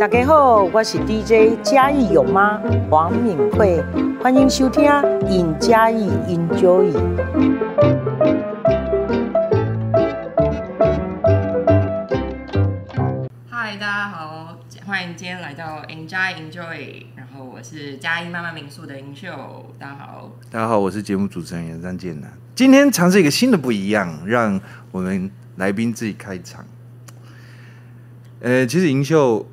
大家好，我是 DJ 嘉義勇媽黃敏慧，歡迎收聽《尹嘉義 Enjoy》。Hi，大家好，歡迎今天來到《Enjoy Enjoy》。然後我是嘉義慢漫民宿的盈秀，大家好。大家好，我是節目主持人張建南。今天嘗試一個新的不一樣，讓我們來賓自己開場。呃，其實盈秀。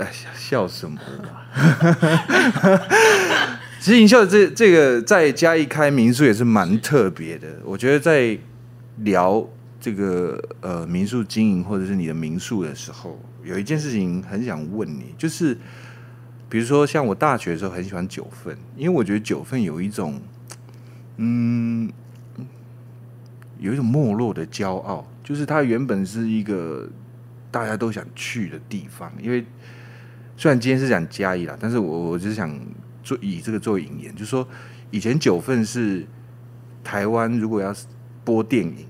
哎呀，笑什麼？ 其實你笑的這這個，在嘉義開民宿也是蠻特別的。我覺得在聊這個呃民宿經營或者是你的民宿的時候，有一件事情很想問你，就是比如說像我大學的時候很喜歡九份，因為我覺得九份有一種嗯有一種沒落的驕傲，就是它原本是一個大家都想去的地方，因為。雖然今天是講嘉義啦，但是我我就是想做以這個做引言，就是說以前九份是台灣如果要播電影，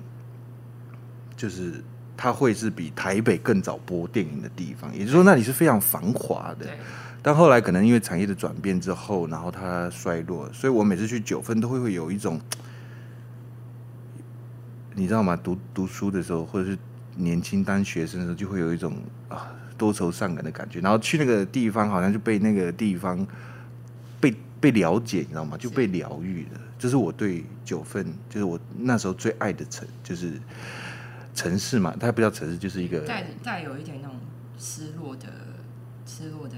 就是它會是比台北更早播電影的地方，也就是說那裡是非常繁華的。對但後來可能因為產業的轉變之後，然後它衰落，所以我每次去九份都會會有一種，你知道嗎？讀讀書的時候，或者是年輕當學生的時候，就會有一種啊。多愁善感的感覺，然後去那個地方，好像就被那個地方被被了解，你知道嗎？就被療癒了。是就是我對九份，就是我那時候最愛的城，就是城市嘛。他不叫城市，就是一個帶帶有一點那種失落的、失落的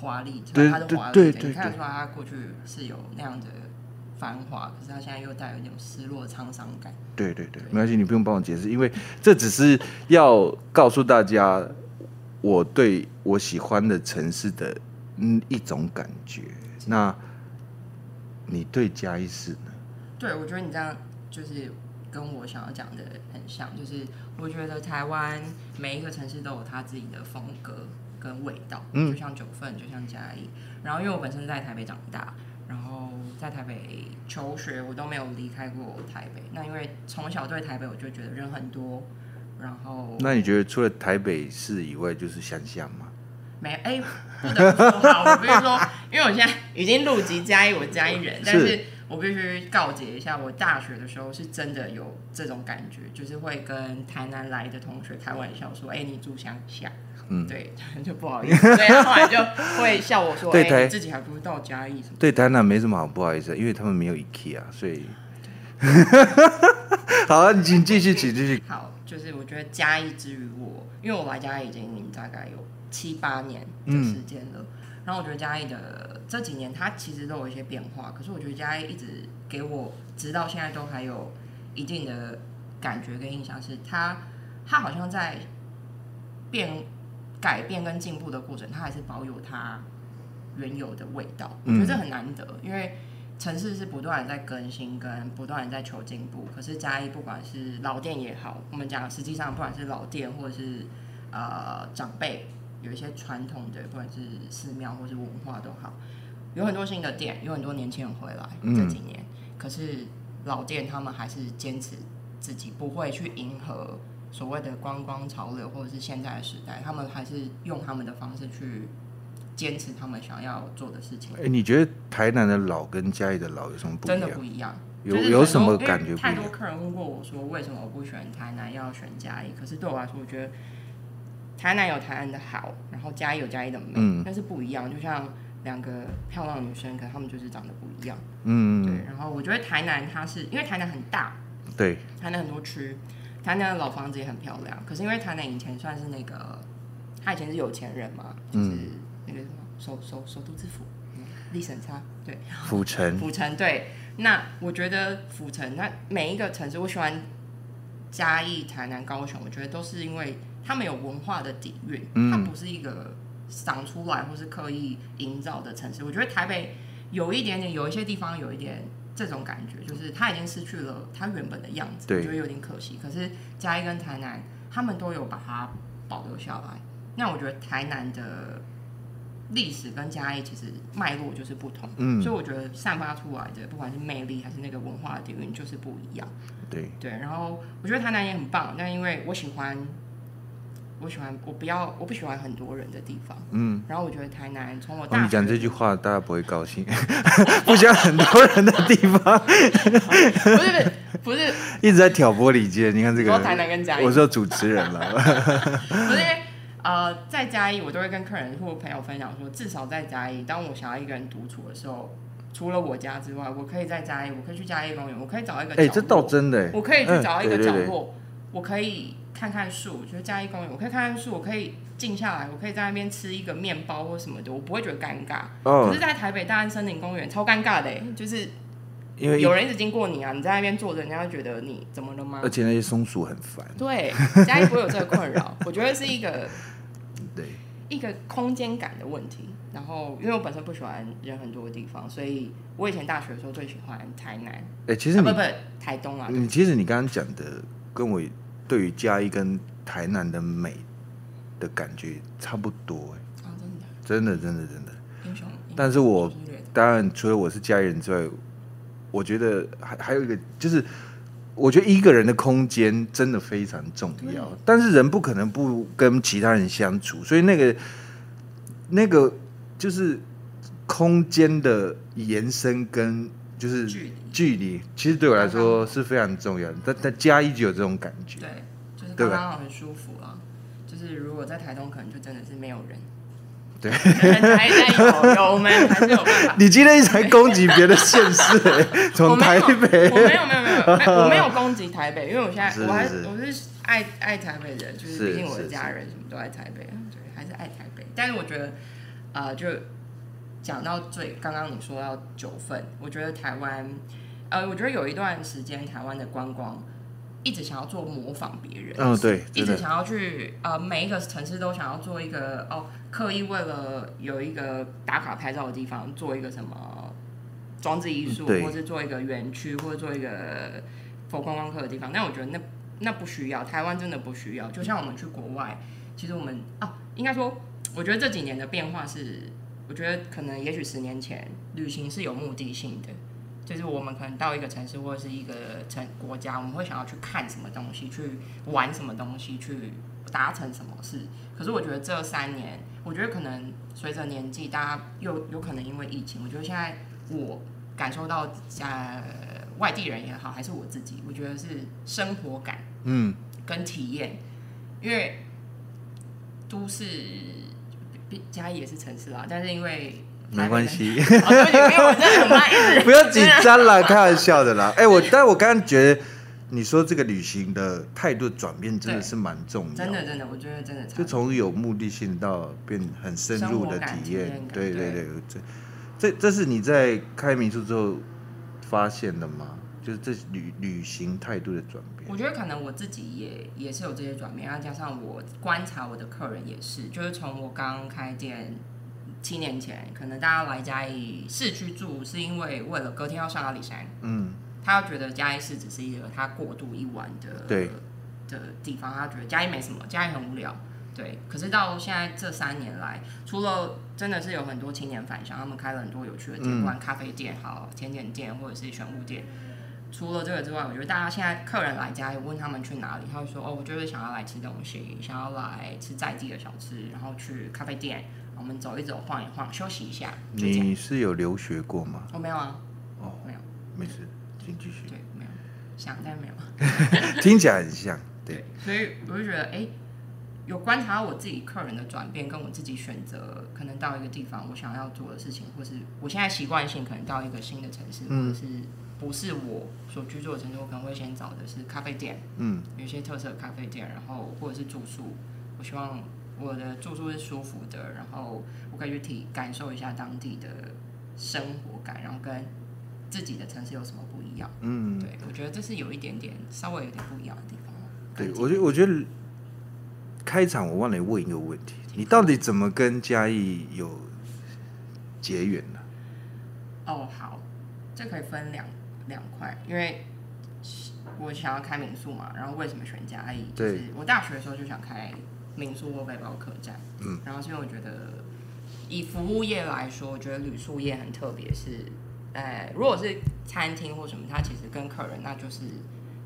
華麗。對對對對對，他說他過去是有那樣的繁華，可是他現在又帶有一種失落、滄桑感。對對對，沒關係，你不用幫我解釋，因為這只是要告訴大家。我對我喜歡的城市的嗯一種感覺，那你對嘉義市呢？對，我覺得你這樣就是跟我想要講的很像，就是我覺得台灣每一個城市都有它自己的風格跟味道，嗯，就像九份，就像嘉義。然後因為我本身在台北長大，然後在台北求學，我都沒有離開過台北。那因為從小對台北，我就覺得人很多。然後，那你覺得除了台北市以外，就是鄉下嗎？沒，哎、欸，不能說好，我必須說，因為我現在已經入籍嘉義，我嘉義人，是但是我必須告誡一下，我大學的時候是真的有這種感覺，就是會跟台南來的同學開玩笑說，哎、欸，你住鄉下，嗯，對，就不好意思，對、啊，後來就會笑我說，對台，欸、自己還不如到嘉義什麼？對台南沒什麼好不好意思，因為他們沒有 IKEA 啊，所以，對 好啊，你請繼續，請繼續，好。就是我覺得嘉義之於我，因為我來嘉義已經大概有七八年的時間了，嗯、然後我覺得嘉義的這幾年它其實都有一些變化，可是我覺得嘉義一直給我直到現在都還有一定的感覺跟印象，是它它好像在變改變跟進步的過程，它還是保有它原有的味道，嗯、我覺得這很難得，因為。城市是不斷在更新，跟不斷在求進步。可是嘉義不管是老店也好，我們講實際上不管是老店或者是呃長輩有一些傳統的，不管是寺廟或是文化都好，有很多新的店，有很多年輕人回來這幾年。嗯、可是老店他們還是堅持自己不會去迎合所謂的觀光潮流，或者是現在的時代，他們還是用他們的方式去。堅持他們想要做的事情。哎、欸，你覺得台南的老跟嘉義的老有什麼不一樣？真的不一樣，有有什麼感覺不一樣？太多客人問過我說，為什麼我不選台南，要選嘉義？可是對我來說，我覺得台南有台南的好，然後嘉義有嘉義的美，嗯、但是不一樣。就像兩個漂亮女生，可能她們就是長得不一樣。嗯，對。然後我覺得台南他是，它是因為台南很大，對，台南很多區，台南的老房子也很漂亮。可是因為台南以前算是那個，他以前是有錢人嘛，就是。嗯首首首都之府，歷史差對，府城， 府城對。那我覺得府城，那每一個城市，我喜歡嘉義、台南、高雄，我覺得都是因為它們有文化的底蘊，嗯、它不是一個長出來或是刻意營造的城市。我覺得台北有一點點，有一些地方有一點這種感覺，就是它已經失去了它原本的樣子，對我覺得有點可惜。可是嘉義跟台南，他們都有把它保留下來。那我覺得台南的。歷史跟嘉義其實脈絡就是不同，嗯，所以我覺得散發出來的，不管是魅力還是那個文化的底蘊，就是不一樣，對對。然後我覺得台南也很棒，但因為我喜歡，我喜歡我不要，我不喜歡很多人的地方，嗯。然後我覺得台南，從我你講這句話，大家不會高興，不喜歡很多人的地方，不是不是一直在挑撥離間，你看這個我台南跟嘉義，我是主持人了，不是。呃，uh, 在嘉義，我都會跟客人或朋友分享說，至少在嘉義，當我想要一個人獨處的時候，除了我家之外，我可以在嘉義，我可以去嘉義公園，我可以找一個角落，哎、欸，這倒真的、欸，我可以去找一個角落，嗯、對對對，我可以看看樹，就是嘉義公園，我可以看看樹，我可以靜下來，我可以在那邊吃一個麵包或什麼的，我不會覺得尷尬。Oh. 可是，在台北大安森林公園超尷尬的、欸，就是。因為有人一直經過你啊，你在那邊坐着，人家會覺得你怎麼了嗎？而且那些松鼠很煩。對，嘉義不會有這個困擾， 我覺得是一個對一個空間感的問題。然後，因為我本身不喜歡人很多的地方，所以我以前大學的時候最喜歡台南。哎、欸，其實你、啊、不，不台東啊？你其實你剛剛講的跟我對於嘉義跟台南的美的感覺差不多、啊。真的真的真的，真的英雄。英雄但是我當然除了我是嘉義人之外。我覺得還還有一個就是，我覺得一個人的空間真的非常重要，對但是人不可能不跟其他人相處，所以那個那個就是空間的延伸跟就是距離，距離其實對我來說是非常重要。但對但家一直有這種感覺，對，就是剛剛好很舒服啊。就是如果在台東，可能就真的是沒有人。對，台有 有沒有，你今天才攻擊別的縣市，欸， 從台北，我沒有 我沒有沒有，沒有，我沒有攻擊台北，因為我現在是是我還是我是愛愛台北的，就是畢竟我的家人什麼都愛台北，對，還是愛台北。但是我覺得，呃，就講到最剛剛你說到九份，我覺得台灣，呃，我覺得有一段時間台灣的觀光。一直想要做模仿別人，哦，對，一直想要去呃每一個城市都想要做一個哦，刻意為了有一個打卡拍照的地方，做一個什麼裝置藝術，對或是做一個園區，或者做一個做觀光客的地方。那我覺得那那不需要，台灣真的不需要。就像我們去國外，其實我們啊，應該說，我覺得這幾年的變化是，我覺得可能也許十年前旅行是有目的性的。就是我們可能到一個城市或者是一個城國家，我們會想要去看什麼東西，去玩什麼東西，去達成什麼事。可是我覺得這三年，我覺得可能隨着年紀，大家又有可能因為疫情，我覺得現在我感受到，呃，外地人也好，還是我自己，我覺得是生活感，嗯，跟體驗，因為都市，嘉義也是城市啦，但是因為。沒關係沒、 哦，不，我真的很愛 不要緊張啦， 開玩笑的啦。哎、欸，我， 我但我剛剛覺得你說這個旅行的態度轉變真的是蠻重要的，真的真的，我覺得真的就從有目的性到變成很深入的體驗，感感對對對，這這是你在開民宿之後發現的嗎？就是這旅旅行態度的轉變，我覺得可能我自己也也是有這些轉變，然後加上我觀察我的客人也是，就是從我剛開店。七年前，可能大家來嘉義市區住，是因為為了隔天要上阿里山。嗯。他覺得嘉義市只是一個他過渡一晚的對的地方，他覺得嘉義沒什麼，嘉義很無聊。對。可是到現在這三年來，除了真的是有很多青年返鄉，他們開了很多有趣的店，不管、嗯、咖啡店好、好甜點店或者是選物店。除了這個之外，我覺得大家現在客人來嘉義問他們去哪裡，他會說：“哦，我就是想要來吃東西，想要來吃在地的小吃，然後去咖啡店。”我們走一走，晃一晃，休息一下。是你是有留學過嗎？我、oh, 沒有啊。哦、oh, 對，沒有，沒事，請繼續。對，沒有，想但沒有。 聽起來很像，對，對。所以我就覺得，哎、欸，有觀察我自己客人的轉變，跟我自己選擇，可能到一個地方，我想要做的事情，或是我現在習慣性，可能到一個新的城市，嗯，或者是不是我所居住的城市，我可能會先找的是咖啡店，嗯，有一些特色的咖啡店，然後或者是住宿，我希望。我的住宿是舒服的，然後我可以去體感受一下當地的生活感，然後跟自己的城市有什麼不一樣？嗯，嗯，對，我覺得這是有一點點稍微有點不一樣的地方。對我覺得，我覺得開場我忘了問一個問題，你到底怎麼跟嘉義有結緣呢？哦，好，這可以分兩兩塊，因為我想要開民宿嘛，然後為什麼選嘉義？就是，對，我大學的時候就想開。民宿或背包客棧，嗯，然後所以我覺得以服務業來說，我覺得旅宿業很特別，是，呃，如果是餐廳或什麼，它其實跟客人那就是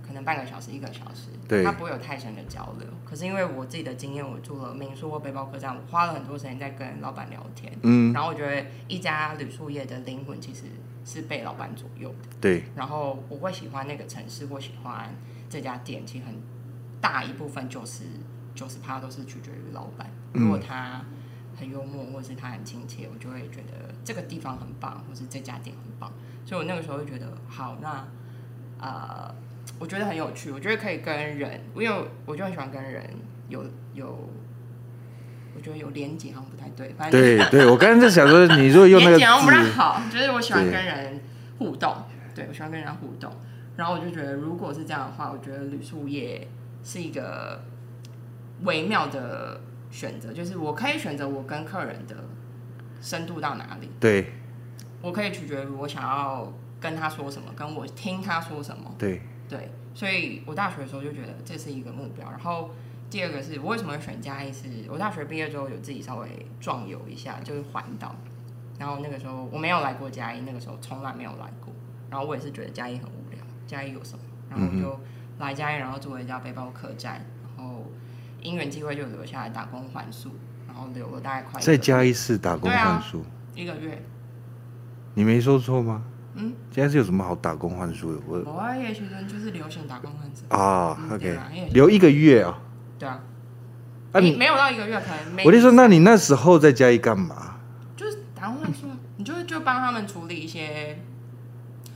可能半個小時一個小時，對，它不會有太深的交流。可是因為我自己的經驗，我住了民宿或背包客棧，我花了很多時間在跟老闆聊天，嗯，然後我覺得一家旅宿業的靈魂其實是被老闆左右的，對。然後我會喜歡那個城市或喜歡這家店，其實很大一部分就是，九十趴都是取決於老板。如果他很幽默，或者是他很親切，我就會覺得這個地方很棒，或是這家店很棒。所以我那個時候就覺得，好，那、呃、我覺得很有趣，我覺得可以跟人，因為我就很喜歡跟人有有，我覺得有連結好像不太對。反正對對，我剛才在想說，你如果用那個字不太好，就是我喜歡跟人互動，對，對我喜歡跟人家互動。然後我就覺得，如果是這樣的話，我覺得旅宿業是一個。微妙的選擇，就是我可以選擇我跟客人的深度到哪裡，對，我可以取決於，我想要跟他說什麼，跟我聽他說什麼，對對，所以我大學的時候就覺得這是一個目標。然後第二個是我為什麼會選嘉義，是我大學畢業之後有自己稍微壯遊一下，就是環島，然後那個時候我沒有來過嘉義，那個時候從來沒有來過，然後我也是覺得嘉義很無聊，嘉義有什麼，然後就來嘉義，然後住了一家背包客棧。嗯嗯因緣機會就留下來打工換宿，然後留了大概快再加一次打工換宿一個月，你沒說錯嗎？嗯，今天是有什麼好打工換宿的？我老外學生就是流行打工換宿啊。OK，留一個月啊？對啊，啊你沒有到一個月可能沒？我就說，那你那時候在家裡幹嘛？就是打工換宿，你就就幫他們處理一些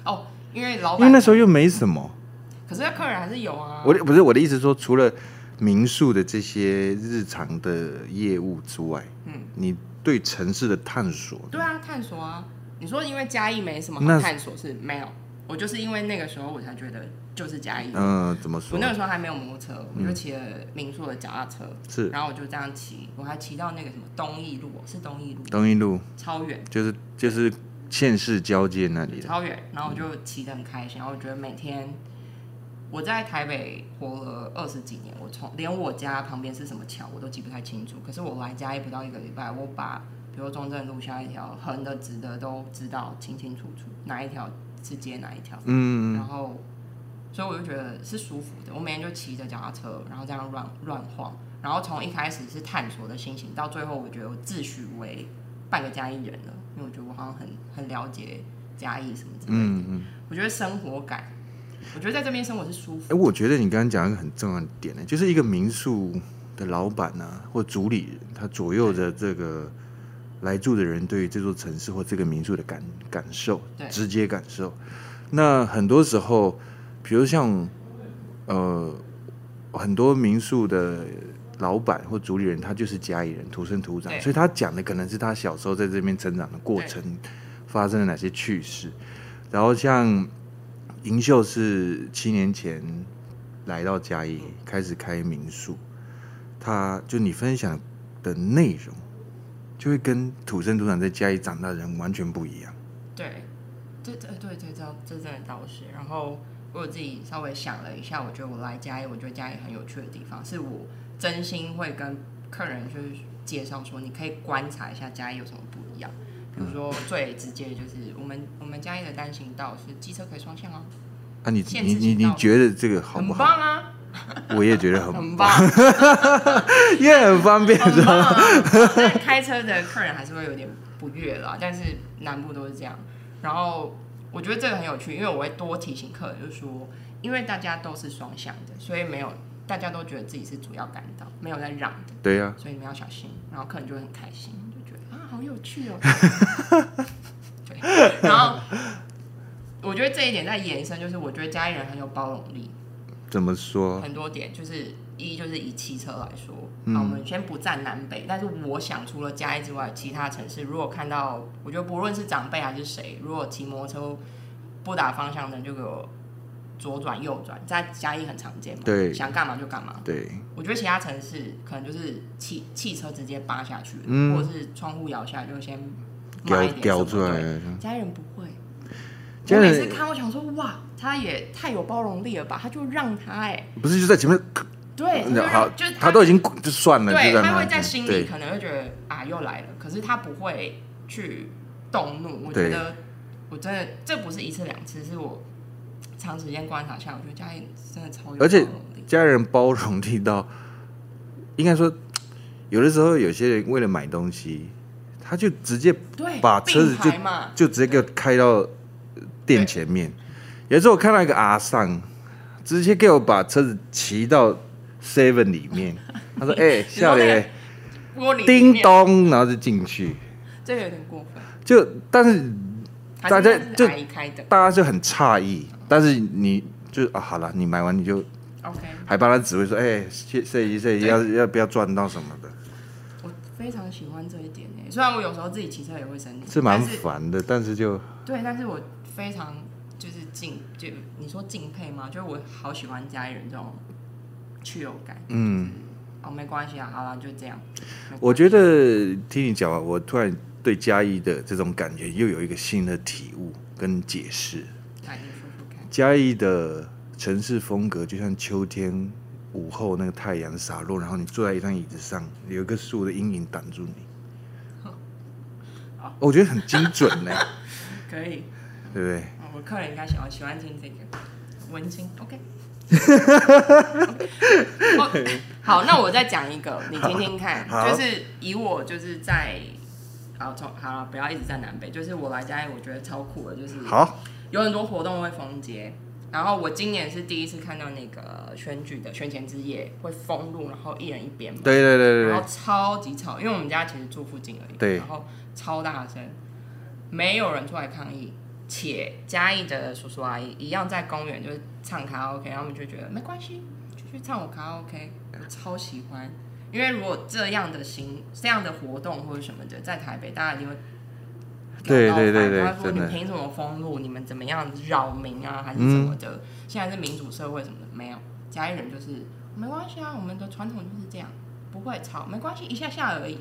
哦，因為老因為那時候又沒什麼，可是客人還是有啊。我的不是我的意思說除了。民宿的這些日常的業務之外，嗯，你對城市的探索？對啊，探索啊！你說因為嘉義沒什麼好探索是？沒有，我就是因為那個時候我才覺得就是嘉義。嗯，怎麼說？我那個時候還沒有摩托車，我就騎了民宿的腳踏車。是，然後我就這樣騎，我還騎到那個什麼東義路，是東義路。東義路。超遠。就是就是縣市交界那裡的超遠。然後我就騎得很開心，然後我覺得每天。我在台北活了二十幾年，我從連我家旁邊是什麼橋我都記不太清楚。可是我來嘉義不到一個禮拜，我把比如說中正路下一條橫的、直的都知道清清楚楚，哪一條是接哪一條。嗯嗯，然後，所以我就覺得是舒服的。我每天就騎着腳踏車，然後這樣亂亂晃。然後從一開始是探索的心情，到最後我覺得我自詡為半個嘉義人了，因為我覺得我好像很很了解嘉義什麼之類的。嗯嗯。我覺得生活感。我覺得在這邊生活是舒服。哎、欸，我覺得你剛剛講一個很重要的點呢，就是一個民宿的老闆呢、啊，或主理人，他左右着這個來住的人對於這座城市或這個民宿的感感受，對直接感受。那很多時候，比如像呃，很多民宿的老闆或主理人，他就是家裡人，土生土長，對所以他講的可能是他小時候在這邊成長的過程，對發生了哪些趣事，然後像。嗯盈秀是七年前來到嘉義，開始開民宿。他就你分享的內容，就會跟土生土長在嘉義長大的人完全不一樣。對，對對對，對，這這真的倒是。然後我有自己稍微想了一下，我覺得我來嘉義，我覺得嘉義很有趣的地方，是我真心會跟客人去介紹說，你可以觀察一下嘉義有什麼不一樣。比如說最直接的就是我，我們我們嘉義的單行道是機車可以雙向哦。啊，啊你你你你覺得這個好，好很棒啊！ 我也覺得很很棒， 因為很方便，是吧、 啊？ 但開車的客人還是會有點不悅啦。 但是南部都是這樣。然後我覺得這個很有趣，因為我會多提醒客人就是，就說因為大家都是雙向的，所以沒有，大家都覺得自己是主要幹道，沒有在讓的。對呀、啊。所以你們要小心，然後客人就會很開心。好有趣哦！ 對，然後我覺得這一點在延伸，就是我覺得嘉義人很有包容力。怎麼說？很多點，就是一就是以汽車來說，嗯、啊，我們先不站南北，但是我想除了嘉義之外，其他城市如果看到，我覺得不論是長輩還是誰，如果騎摩托車不打方向燈，就給我，左轉右轉，在嘉義很常見嘛？對，想幹嘛就幹嘛。對，我覺得其他城市可能就是汽汽車直接扒下去，或者是窗戶搖下來就先，掉掉出來，嘉義人不會。嘉義人每次看，我想說，哇，他也太有包容力了吧？他就讓他哎，不是就在前面？對，好，就他都已經就算了，對，他會在心裡可能會覺得啊，又來了，可是他不會去動怒。我覺得我真的這不是一次兩次，是我。長時間觀察下，我覺得家人真的超有，而且家人包容力到，應該說，有的時候有些人為了買東西，他就直接把車子就就直接給我開到對店前面。對有時候我看到一個阿桑，an, 直接給我把車子騎到 Seven 裡面。他說：“哎 你說、欸，笑臉，那個、叮咚，然後就進去。”這個有點過分。就但是大家是是就大家就很詫異。但是你就是啊，好了，你買完你就，OK，還幫他指揮說，哎、欸，謝謝，謝，謝對要要不要賺到什麼的？我非常喜歡這一點呢。雖然我有時候自己騎車也會生氣，是蠻煩的，但是，但是就對，但是我非常就是敬就你說敬佩嗎？就是我好喜歡嘉義人這種趣味感。嗯、就是，哦，沒關係啊，好了，就這樣。啊、我覺得聽你講，我突然對嘉義的這種感覺又有一個新的體悟跟解釋。嘉義的城市風格就像秋天午後那個太陽灑落，然後你坐在一張椅子上，有一個樹的陰影擋住你，哦。我覺得很精準呢， 可以，對不對？我客人應該喜歡喜歡聽這個文青，OK。好，那我再講一個，你聽聽看，好就是以我就是在好從好了，不要一直在南北，就是我來嘉義，我覺得超酷的，就是好。有很多活動會封街，然後我今年是第一次看到那個選舉的選前之夜會封路，然後一人一邊嘛。對對對對。然後超級吵，因為我們家其實住附近而已。對 然後超大聲，沒有人出來抗議，且嘉義的叔叔阿姨一樣在公園就是唱卡拉 OK，然後我們就覺得沒關係，繼續唱我卡拉 OK，我超喜歡。因為如果這樣的行這樣的活動或者什麼的，在台北大家就會。對對對對，他說你們憑什麼封路？的你們怎麼樣擾民啊？還是什麼的？嗯、現在是民主社會什麼的，沒有，家裡人就是沒關係啊，我們的傳統就是這樣，不會吵，沒關係，一下下而已。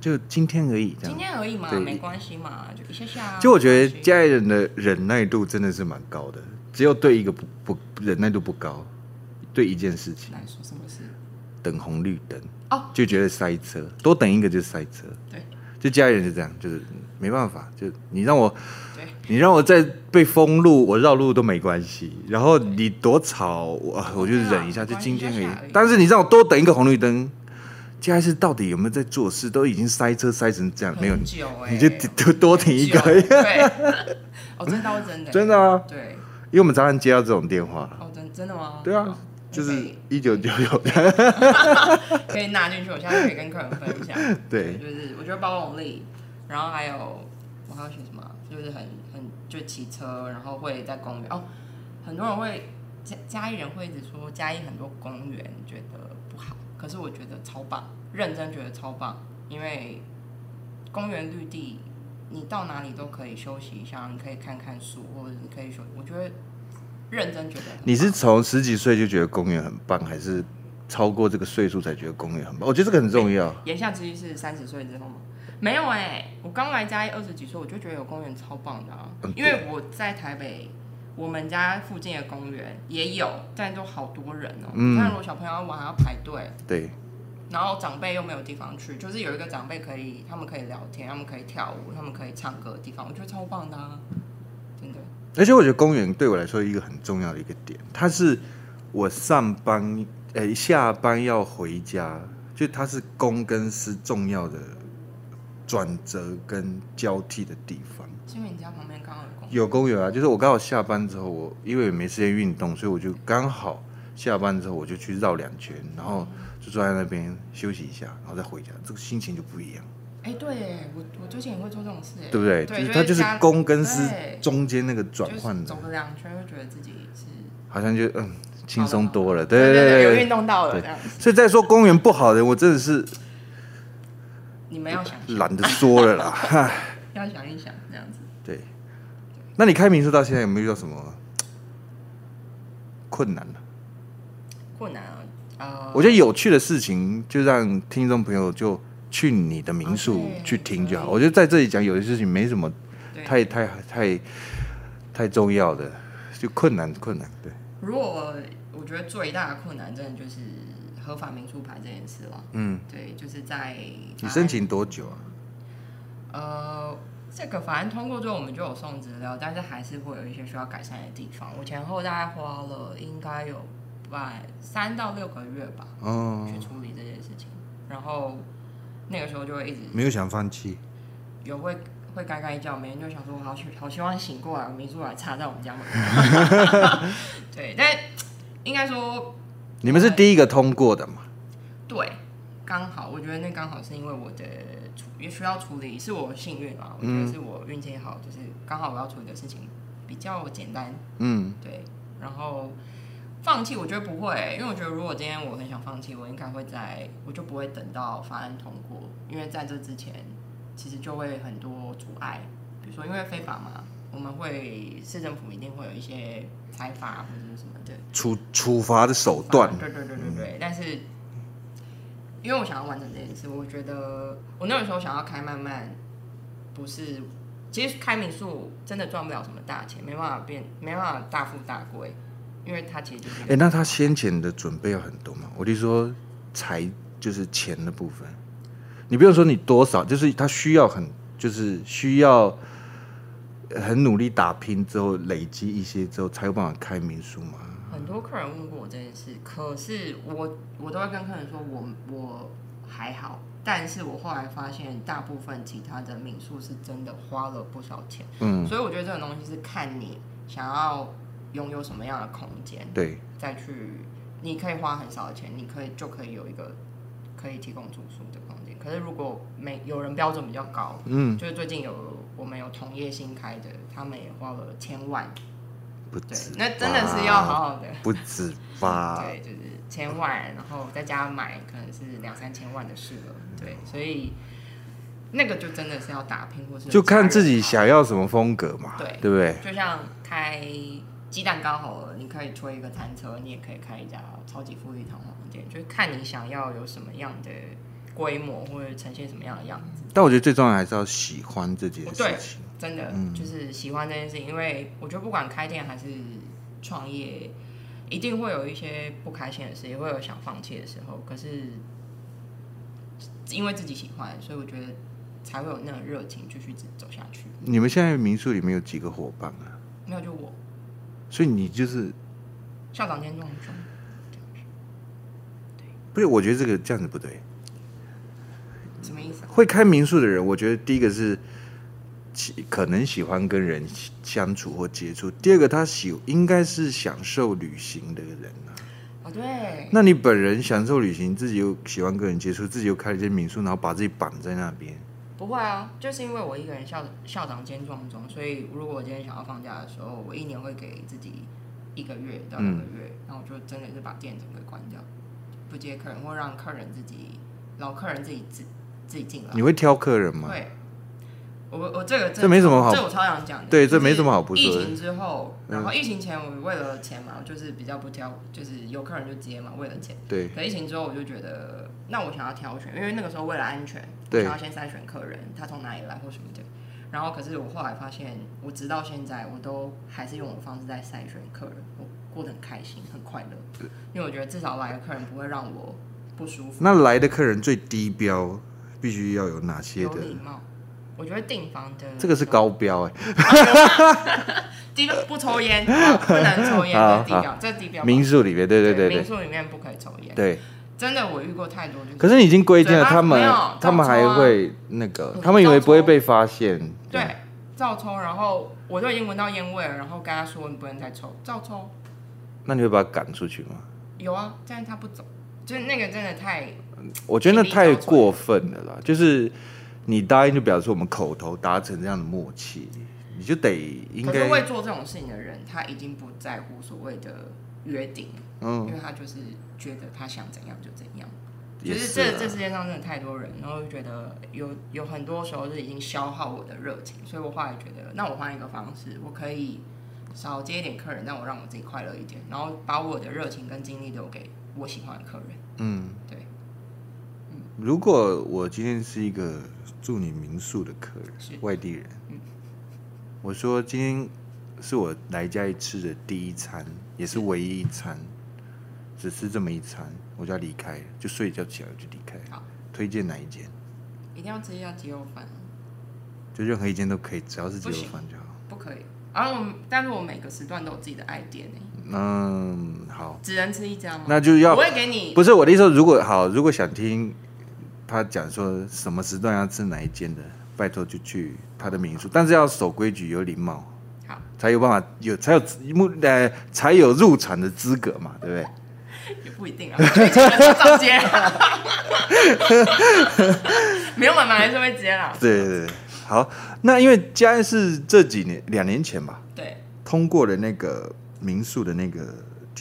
就今天而已，今天而已嘛，對沒關係嘛，就一下下。就我覺得家裡人的忍耐度真的是蠻高的，只有對一個不不，不忍耐度不高，對一件事情來說，什麼事？等紅綠燈哦，就覺得塞車，哦、多等一個就塞車，對。就嘉義人是這樣，就是沒辦法。就你讓我，你讓我在被封路，我繞路都沒關係。然後你多吵我，我就忍一下。就今天而已，但是你讓我多等一個紅綠燈，嘉義是到底有沒有在做事，都已經塞車塞成這樣，沒有你就多多停一個。對，哦，真的，真的，真的啊。對，因為我們常常接到這種電話。哦，真真的嗎？對啊。就是一九九九，可以拿進去，我現在可以跟客人分享。對，對，就是我覺得包容力，然後還有我還要寫什麼？就是很很就騎車，然後會在公園。哦，很多人會嘉嘉義人會一直說嘉義很多公園覺得不好，可是我覺得超棒，認真覺得超棒，因為公園綠地你到哪裡都可以休息一下，你可以看看樹，或者你可以說，我覺得。認真覺得你是從十幾歲就覺得公園很棒，還是超過這個歲數才覺得公園很棒？我覺得這個很重要。言下之意是三十歲之後嗎？沒有哎、欸，我剛來家二十幾歲我就覺得有公園超棒的啊，嗯、因為我在台北我們家附近的公園也有，但都好多人哦、喔。你、嗯、看如果小朋友晚上要排隊，對，然後長輩又沒有地方去，就是有一個長輩可以他們可以聊天，他們可以跳舞，他們可以唱歌的地方，我覺得超棒的啊。而且我覺得公園對我來說，一個很重要的一個點，它是我上班，誒、哎，下班要回家，就它是公跟私重要的轉折跟交替的地方。因為你家旁邊剛好有公園。有公園啊，就是我剛好下班之後，我因為沒時間運動，所以我就剛好下班之後我就去繞兩圈，然後就坐在那邊休息一下，然後再回家，這個心情就不一樣。哎，對，我我最近也會做這種事，對不對？就是它就是公跟私中間那個轉換的，走了兩圈，就覺得自己是好像就嗯輕鬆多了，對對對，有運動到了。所以再說公園不好的，我真的是你們要想懶得說了啦，哈，要想一想這樣子。對，那你開民宿到現在有沒有遇到什麼困難呢？困難啊，我覺得有趣的事情就讓聽眾朋友就。去你的民宿去聽就好，Okay, okay, 我覺得在這裡講有些事情沒什麼太對太太太重要的，就困難困難對。如果我覺得最大的困難，真的就是合法民宿牌這件事了。嗯，對，就是在你申請多久啊？呃，這個反正通過之後我們就有送資料，但是還是會有一些需要改善的地方。我前後大概花了應該有外三到六個月吧，嗯、哦，去處理這件事情，然後。那個時候就會一直有會沒有想放棄，有會會嘎嘎一叫，每天就想說我好，好好希望醒過來，民宿還插在我們家門口。 對，但應該說，你們是第一個通過的嘛？對，剛好，我覺得那剛好是因為我的處也需要處理，是我幸運啊，我覺得是我運氣也好，嗯、就是剛好我要處理的事情比較簡單。嗯，對，然後。放棄，我覺得不會，因為我覺得如果今天我很想放棄，我應該會在我就不會等到法案通過，因為在這之前，其實就會很多阻礙，比如說因為非法嘛，我們會市政府一定會有一些處罰或者什麼的處處罰的手段。對對，對對對對對，但是因為我想要完成這件事，我覺得我那個時候想要開慢漫，不是，其實開民宿真的賺不了什麼大錢，沒辦法變沒辦法大富大貴。因為他其實就是，哎、欸，那他先前的準備有很多嘛。我就是說，財就是錢的部分，你不用說你多少，就是他需要很，就是需要很努力打拼之後，累積一些之後，才有辦法開民宿嘛。很多客人問過我這件事，可是我我都會跟客人說我，我我還好，但是我後來發現，大部分其他的民宿是真的花了不少錢。嗯，所以我覺得這個東西是看你想要。擁有什麼樣的空間？對，再去你可以花很少的錢，你可以就可以有一個可以提供住宿的空間。可是如果沒有人標準比較高，嗯，就是最近有我們有同業新開的，他們也花了千萬，不止，對，那真的是要好好的，不止吧？ 對，就是千萬，然後再加買，可能是兩三千萬的事了。對，嗯，所以那個就真的是要打拼，或是就看自己想要什麼風格嘛，對，對不對？就像開。雞蛋糕好了，你可以推一個餐車，你也可以開一家超級富麗堂皇店，就看你想要有什麼樣的規模或者呈現什麼樣的樣子。但我覺得最重要還是要喜歡這件事情，對真的、嗯、就是喜歡這件事情，因為我覺得不管開店還是創業，一定會有一些不開心的事也會有想放棄的時候。可是因為自己喜歡，所以我覺得才會有那種熱情繼續走下去。你們現在民宿裡面有幾個伙伴啊？沒有，就我。所以你就是，校長弄不是？我覺得這個這樣子不對。什麼意思？會開民宿的人，我覺得第一個是，喜可能喜歡跟人相處或接觸。第二個他喜應該是享受旅行的人。哦，對。那你本人享受旅行，自己又喜歡跟人接觸，自己又開了一間民宿，然後把自己綁在那邊。不會啊，就是因為我一個人校校長兼撞鐘，所以如果我今天想要放假的時候，我一年會給自己一個月到兩個月，嗯、然後就真的是把店子給關掉，不接客人，或讓客人自己，老客人自己自自己進來。你會挑客人嗎？會。我我這個這這我超想講的。對，這沒什麼好不說對。是疫情之後，然後疫情前我為了錢嘛，就是比較不挑，就是有客人就接嘛，為了錢。對。可疫情之後，我就覺得，那我想要挑選，因為那個時候為了安全，想要先篩選客人，他從哪裡來或什麼的。然後，可是我後來發現，我直到現在，我都還是用我的方式在篩選客人，我過得很開心，很快樂。對。因為我覺得至少來的客人不會讓我不舒服。那來的客人最低標必須要有哪些的？有禮貌。我覺得訂房的這個是高標哎，低標不抽菸，不能抽菸。低標，這低標民宿裡面，對對對，民宿裡面不可以抽菸。對，真的我遇過太多。可是已經規定了，他們他們還會那個，他們以為不會被發現，對，照抽。然後我就已經聞到菸味了，然後跟他說你不能再抽，照抽。那你會把他趕出去嗎？有啊，但是他不走，就是那個真的太，我覺得那太過分了啦，就是。你答應就表示我們口頭達成這樣的默契，你就得應該。可是會做這種事情的人，他已經不在乎所謂的約定，嗯，因為他就是覺得他想怎樣就怎樣。就是這，也是啊，這世界上真的太多人，然後就覺得有有很多時候是已經消耗我的熱情，所以我後來覺得，那我換一個方式，我可以少接一點客人，讓我讓我自己快樂一點，然後把我的熱情跟精力留給我喜歡的客人。嗯，對。嗯。如果我今天是一個。住你民宿的客人，的外地人。嗯，我說今天是我來嘉義吃的第一餐，也是唯一一餐，嗯、只吃這麼一餐，我就要離開，就睡一覺起來就離開。好，推薦哪一間？一定要吃一下雞肉飯，就任何一間都可以，只要是雞肉飯就好。不，不可以。然後，但是我每個時段都有自己的愛店耶，嗯，好，只能吃一家嗎？那就要不會給你。不是我的意思，如果好，如果想聽。他講說什麼時段要吃哪一間的，拜託就去他的民宿，但是要守規矩，有禮貌，好才有辦法有才有入呃才有入場的資格嘛，對不對？也不一定啊， 上街沒有嘛，還是會接啦、啊。對對對，好，那因為嘉義是這幾年兩年前吧，對，通過了那個民宿的那個。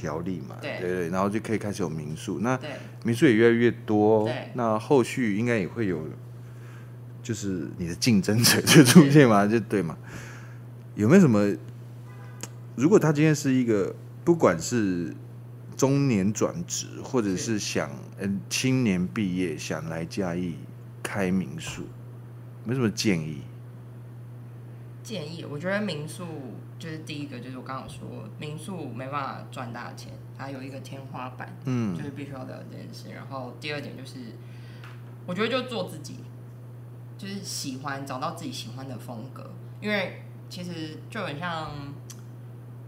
條例嘛，對，對對，然後就可以開始有民宿，那民宿也越來越多，對那後續應該也會有，就是你的競爭者就出現嘛，是就對嘛。有沒有什麼？如果他今天是一個，不管是中年轉職，或者是想嗯是、呃、青年畢業想來嘉義開民宿，沒什麼建議，建議，我覺得民宿，就是第一個，就是我剛剛說，民宿沒辦法賺大錢，它有一個天花板，嗯，就是必須要了解這件事。然後第二點就是，我覺得就做自己，就是喜歡找到自己喜歡的風格，因為其實就很像，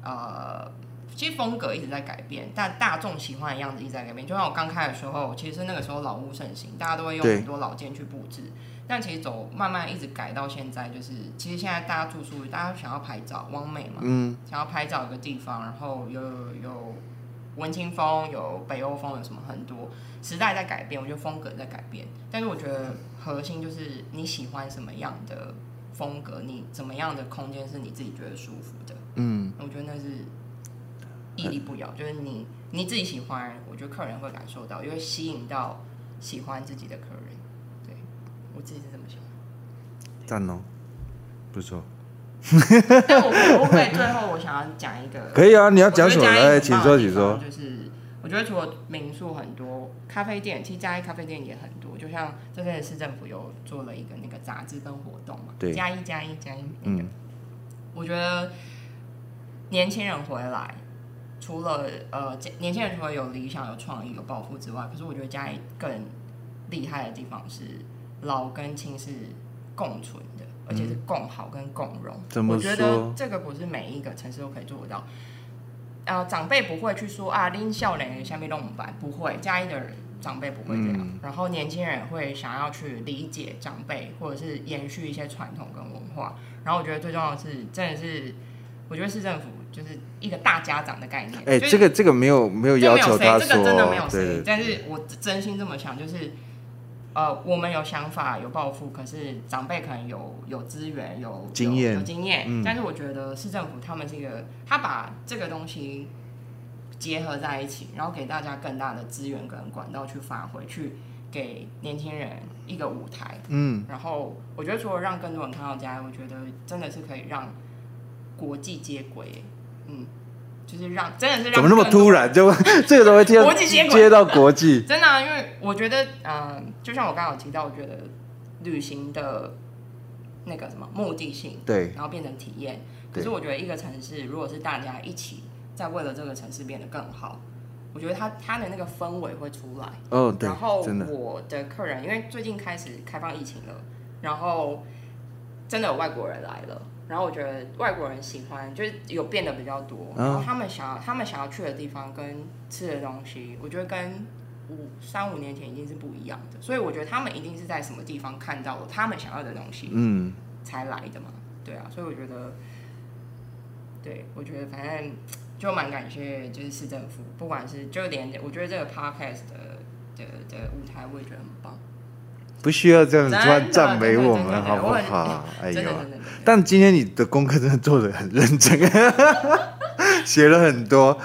呃，其實風格一直在改變，但大眾喜歡的樣子一直在改變。就像我剛開的時候，其實那個時候老屋盛行，大家都會用很多老件去布置。但其實走慢慢一直改到現在，就是其實現在大家住宿，大家想要拍照，網美嘛，嗯，想要拍照一個地方，然後有有有文青風，有北歐風，有什麼很多時代在改變，我覺得風格在改變，但是我覺得核心就是你喜歡什麼樣的風格，你怎麼樣的空間是你自己覺得舒服的，嗯，我覺得那是屹立不搖，就是你你自己喜歡，我覺得客人會感受到，也會吸引到喜歡自己的客人。自己是怎麼想？讚哦，不錯。 但我可不會。最後我想要講一個。可以啊，你要講什麼？寶寶寶就是、請說，請說。就是我覺得，除了民宿很多，咖啡店其實嘉義咖啡店也很多。就像這邊市政府有做了一個那個雜誌跟活動嘛。對。嘉義嘉義嘉義。嗯。我覺得年輕人回來，除了呃，年輕人除了有理想、有創意、有抱負之外，可是我覺得嘉義更厲害的地方是。老跟青是共存的，而且是共好跟共榮。嗯、我覺得這個不是每一個城市都可以做到。呃，長輩不會去說啊，拎笑臉下面弄板，不會。家裡的長輩不會這樣。嗯、然後年輕人會想要去理解長輩，或者是延續一些傳統跟文化。然後我覺得最重要的是，真的是，我覺得市政府就是一個大家長的概念。哎、欸，以這個這個沒有沒有要求他說，這個真的沒有。對對對，但是，我真心這麼想，就是。呃，我們有想法、有抱負，可是長輩可能有有資源、有經驗、有經驗。但是我覺得市政府他們這個，他把這個東西結合在一起，然後給大家更大的資源跟管道，去發揮，去給年輕人一個舞台。嗯，然後我覺得，說讓更多人看到家，我覺得真的是可以讓國際接軌。嗯。就是讓真的是讓，怎麼那麼突然就這個都會貼接， 接，接到國際，真的，因為我覺得，嗯、呃，就像我剛剛有提到，我覺得旅行的那個什麼目的性對，然後變成體驗。可是我覺得一個城市，對如果是大家一起在為了這個城市變得更好，我覺得他他的那個氛圍會出來。哦，oh, 對，然後我的客人，的因為最近開始開放疫情了，然後真的有外國人來了。然後我覺得外國人喜歡就是有變得比較多，oh. 然後他們想要他們想要去的地方跟吃的東西，我覺得跟五三五年前一定是不一樣的，所以我覺得他們一定是在什麼地方看到了他們想要的東西，嗯，才來的嘛，mm. 對啊，所以我覺得，對，我覺得反正就蠻感謝，就是市政府，不管是就連我覺得這個 podcast 的的的舞台我也覺得很棒。不需要這樣子誇讚美我們好不好？哎、啊啊欸、呦，但今天你的功課真的做得很認真，寫對 了很多。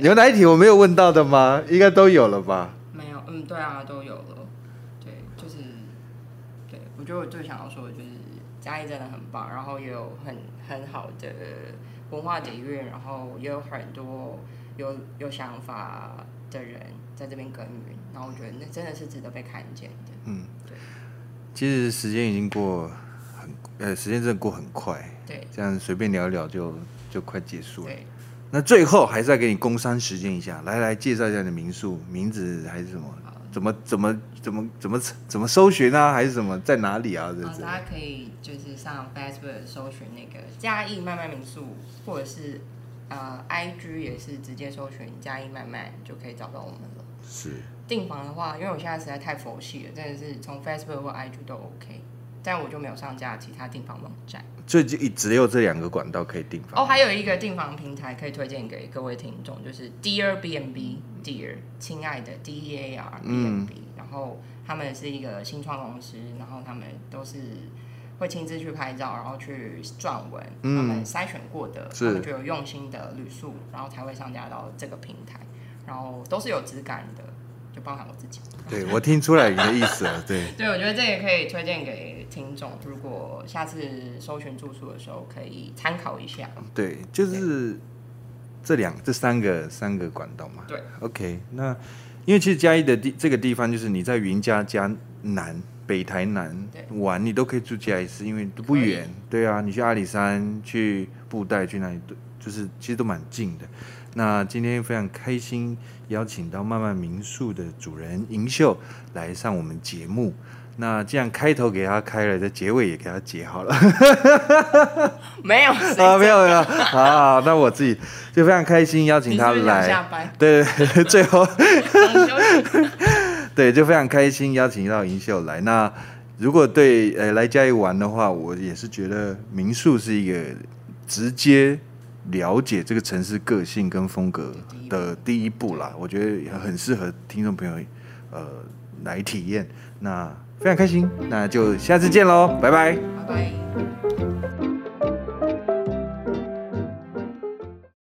有哪一題我沒有問到的嗎？應該都有了吧？沒有，嗯，對啊，都有了。對，就是，對，我覺得我最想要說的就是嘉義真的很棒，然後也有很很好的文化底蘊，然後也有很多有有想法的人在這邊耕耘。那我覺得那真的是值得被看見的。嗯，對。其實時間已經過很呃，時間真的過很快。對，這樣隨便聊一聊就就快結束了。對那最後還是要給你工商時間一下，來來介紹一下你的民宿名字還是什麼？好怎麼怎麼怎麼怎麼怎麼搜尋啊？還是什麼在哪裡啊對不對，呃？大家可以就是上 Facebook 搜尋那個嘉義慢漫民宿，或者是呃 IG 也是直接搜尋嘉義慢漫就可以找到我們了。是。訂房的話，因為我現在實在太佛系了，真的是從 Facebook 或 IG 都 OK，但我就沒有上架其他訂房網站。最近只有這兩個管道可以訂房哦，oh, 還有一個訂房平台可以推薦給各位聽眾，就是 Dear BNB，Dear 親愛的，D E A R B N B。N B, 嗯、然後他們是一個新創公司，然後他們都是會親自去拍照，然後去撰文，他們篩選過的，他們、嗯、覺得有用心的旅宿，然後才會上架到這個平台，然後都是有質感的。就包含我自己對，對，我聽出來你的意思了，對， 對，我覺得這也可以推薦給聽眾，如果下次搜尋住宿的時候可以參考一下。對，就是這兩、對這三個、三個管道嘛。對，OK，那因為其實嘉義的地這個地方，就是你在雲嘉嘉南北台南對玩，你都可以住嘉義市，因為都不遠。以對啊，你去阿里山、去布袋、去那裡，對，就是其實都蠻近的。那今天非常開心，邀請到慢漫民宿的主人盈秀來上我們節目。那既然開頭給他開了，在結尾也給他結好了。 沒有啊，沒有沒有。好，好那我自己就非常開心邀請他來。是是對， 最後。裝修。對，就非常開心邀請到盈秀來。那如果對呃來嘉義玩的話，我也是覺得民宿是一個直接了解這個城市個性跟風格的第一步啦，我覺得很適合聽眾朋友，呃，來體驗。那非常開心，那就下次見嘍，拜拜，拜拜。